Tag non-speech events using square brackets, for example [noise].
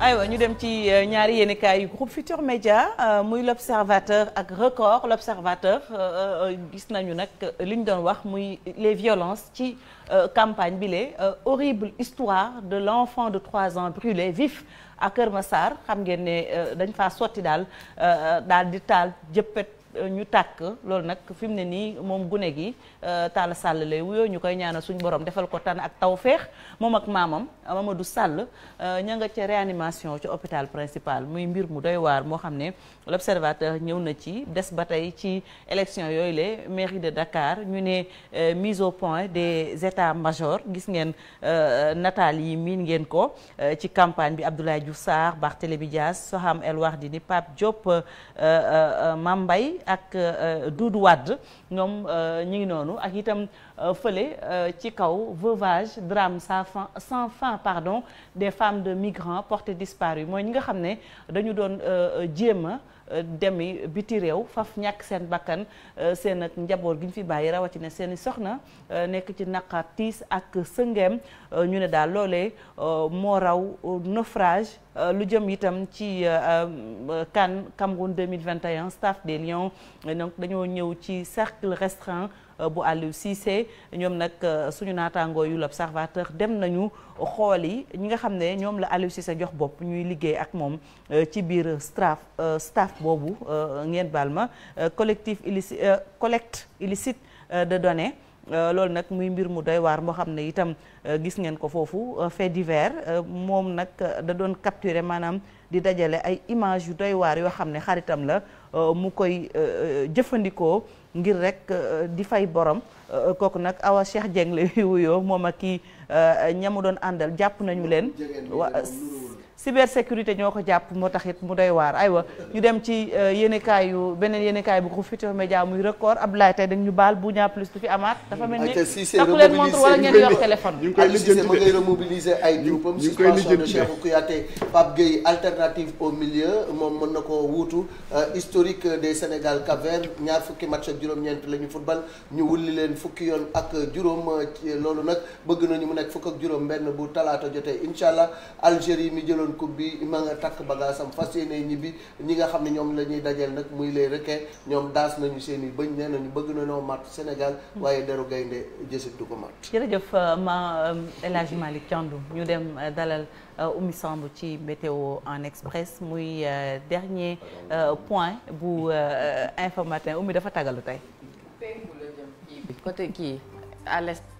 aywa ñu dem ci euh, ñaari yéenekaay yu groupe Futur Média euh, muy l'observateur ak record l'observateur euh, gis nañu nag li ñu doon wax muy les violences ci campagne bi lee horrible histoire de l'enfant de trois ans brûlé vif à Kër Massar xam ngeen ne dañ faa sotti daal daal di taal jëppet ñu tàkk loolu nag fi mu ne nii moom gune gi euh, Talla sàll lay wuyoo ñu koy ñaanal suñu borom defal ko tan ak tawféex moom ak maamam Mamadou Sall euh, ña nga ca ci hôpital principal muy mbir mu doy moo xam ne l'observateur ñëw na ci des ba tey ci élection yooyu le mairie de Dakar ñu ne euh, mise au point des états majors gis ngeen nataal yi miin ngeen ko ci campagne bi Abdoulaye Diouf Sarr Barthélémy Dias Soham El di ni Diop Mame Mbaye ak euh, Doudou Wade ñoom euh, ñu ngi noonu ak itam euh, fële ci kaw veuvage drame sans fin sans fin pardon des femmes de migrants portés disparus mooy ñi nga xam ne dañu doon jéem a demi biti réew faf ñàkk seen bakkan seen ak njaboot gi ñu fi bàyyi rawatina seen i soxna nekk ci naqar tiis ak sëngeem ñu ne daal loole moo raw naufrage Euh, lu jëm itam ci euh, euh, CAN Cameroun 2021 staff des Lions donc dañoo ñëw ci cercle restreint bu Aliou Cissé ñoom nag suñu naataangoo yu l'observateur dem nañu xool yi ñi nga xam ne ñoom la Aliou Cissé jox bopp ñuy liggéey ak moom ci biir staff staff boobu ngeen baal ma collectif illicite collecte illicite de données Euh, loolu nag muy mbir mu doy waar moo xam ne itam euh, gis ngeen ko foofu euh, fait divers moom nag da doon capturer maanaam di dajale ay image yu doy waar yoo xam ne xaritam la mu koy jëfandikoo ngir rek di fay borom kooku nag Awa Cheikh Dieng la [laughs] wuyoo moom ak kii ñamu doon àndal jàpp nañu leen wa cybersécurité ñoo ko jàpp moo tax it mu doy waar aywa ñu dem ci euh, yéenekaay yu beneen yéenekaay bu groupe Futurs Médias muy record Abdoulaye tey dañ ñu baal bu ñaa plus fi amaat. dafa mel ni takku ngeen yor téléphone. ñu ngi koy lijjanti ma ngay remobiliser ay groupes am. ñu ngi koy suspension de Cheikhou Kouyaté Pape moom mën na koo wuutu euh, historique des Sénégal cap ñaar fukki match ak juróom-ñeent la ñu football ñu wulli leen fukki yoon ak juróom euh, loolu nag bëgg nañu mu nekk fukk ak juróom mbenn bu talaata jotee incha allah Algérie mi jëloon jëloon coupe bi ma nga takk bagage am fas ñibbi ñi nga xam ne ñoom la ñuy dajeel nag muy les requins ñoom daas nañu seen i bëñ nee nañu bëgg nañoo mat Sénégal hmm. waaye deru gaynde jësit du ko mat jëf euh, ma euh, El Hadj Malick Thiandoum ñu dem euh, dalal Oumy Samb ci météo en express muy dernier point bu information Oumy dafa tagalu tey côté kii à l'est